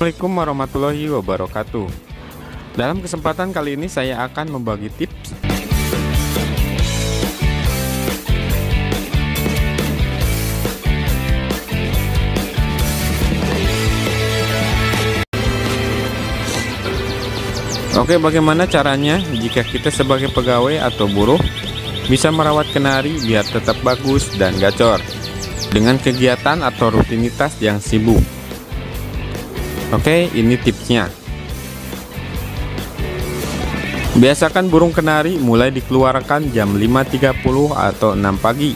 Assalamualaikum warahmatullahi wabarakatuh. Dalam kesempatan kali ini saya akan membagi tips Oke, bagaimana caranya jika kita sebagai pegawai atau buruh bisa merawat kenari biar tetap bagus dan gacor dengan kegiatan atau rutinitas yang sibuk? Oke, ini tipsnya. Biasakan burung kenari mulai dikeluarkan jam 5.30 atau 6 pagi.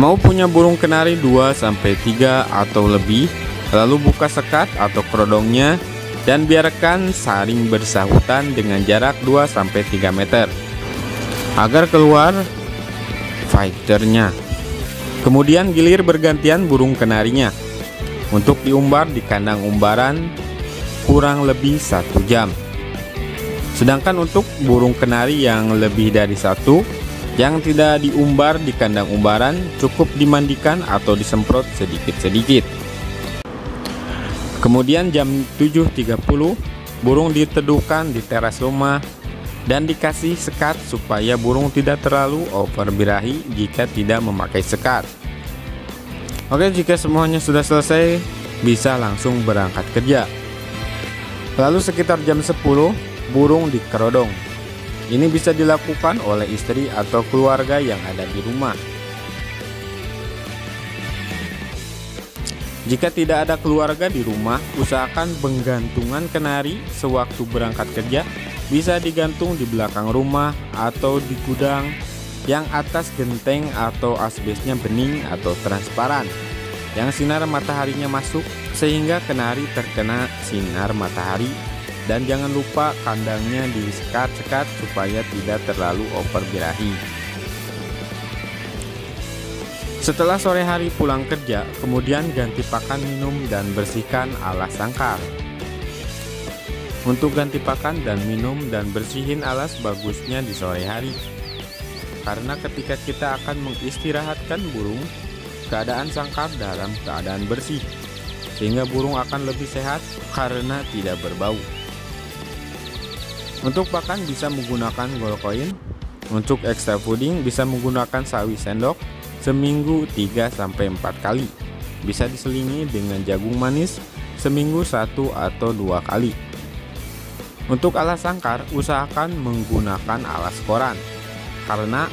Mau punya burung kenari 2 sampai 3 atau lebih, lalu buka sekat atau kerodongnya dan biarkan saring bersahutan dengan jarak 2 sampai 3 meter agar keluar fighternya. Kemudian gilir bergantian burung kenarinya untuk diumbar di kandang umbaran kurang lebih satu jam. Sedangkan untuk burung kenari yang lebih dari satu yang tidak diumbar di kandang umbaran cukup dimandikan atau disemprot sedikit-sedikit. Kemudian jam 7.30 burung diteduhkan di teras rumah dan dikasih sekat supaya burung tidak terlalu over birahi jika tidak memakai sekat. Oke, jika semuanya sudah selesai, bisa langsung berangkat kerja. Lalu sekitar jam 10, burung dikerodong. Ini bisa dilakukan oleh istri atau keluarga yang ada di rumah. Jika tidak ada keluarga di rumah, usahakan penggantungan kenari sewaktu berangkat kerja bisa digantung di belakang rumah atau di gudang yang atas genteng atau asbesnya bening atau transparan yang sinar mataharinya masuk sehingga kenari terkena sinar matahari dan jangan lupa kandangnya disekat-sekat supaya tidak terlalu over birahi. Setelah sore hari pulang kerja, kemudian ganti pakan minum dan bersihkan alas sangkar. Untuk ganti pakan dan minum dan bersihin alas bagusnya di sore hari karena ketika kita akan mengistirahatkan burung, keadaan sangkar dalam keadaan bersih, sehingga burung akan lebih sehat karena tidak berbau. Untuk pakan bisa menggunakan gold coin, untuk extra fooding bisa menggunakan sawi sendok seminggu 3-4 kali. Bisa diselingi dengan jagung manis seminggu 1 atau 2 kali. Untuk alas sangkar, usahakan menggunakan alas koran karena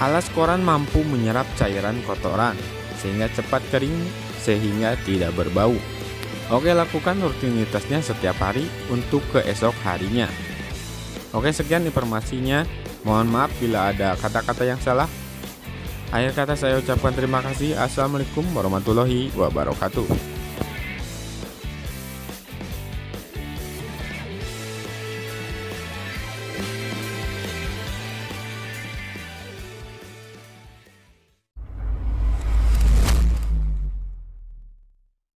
alas koran mampu menyerap cairan kotoran sehingga cepat kering sehingga tidak berbau. Oke, lakukan rutinitasnya setiap hari untuk keesok harinya. Oke, sekian informasinya. Mohon maaf bila ada kata-kata yang salah. Akhir kata saya ucapkan terima kasih. Assalamualaikum warahmatullahi wabarakatuh.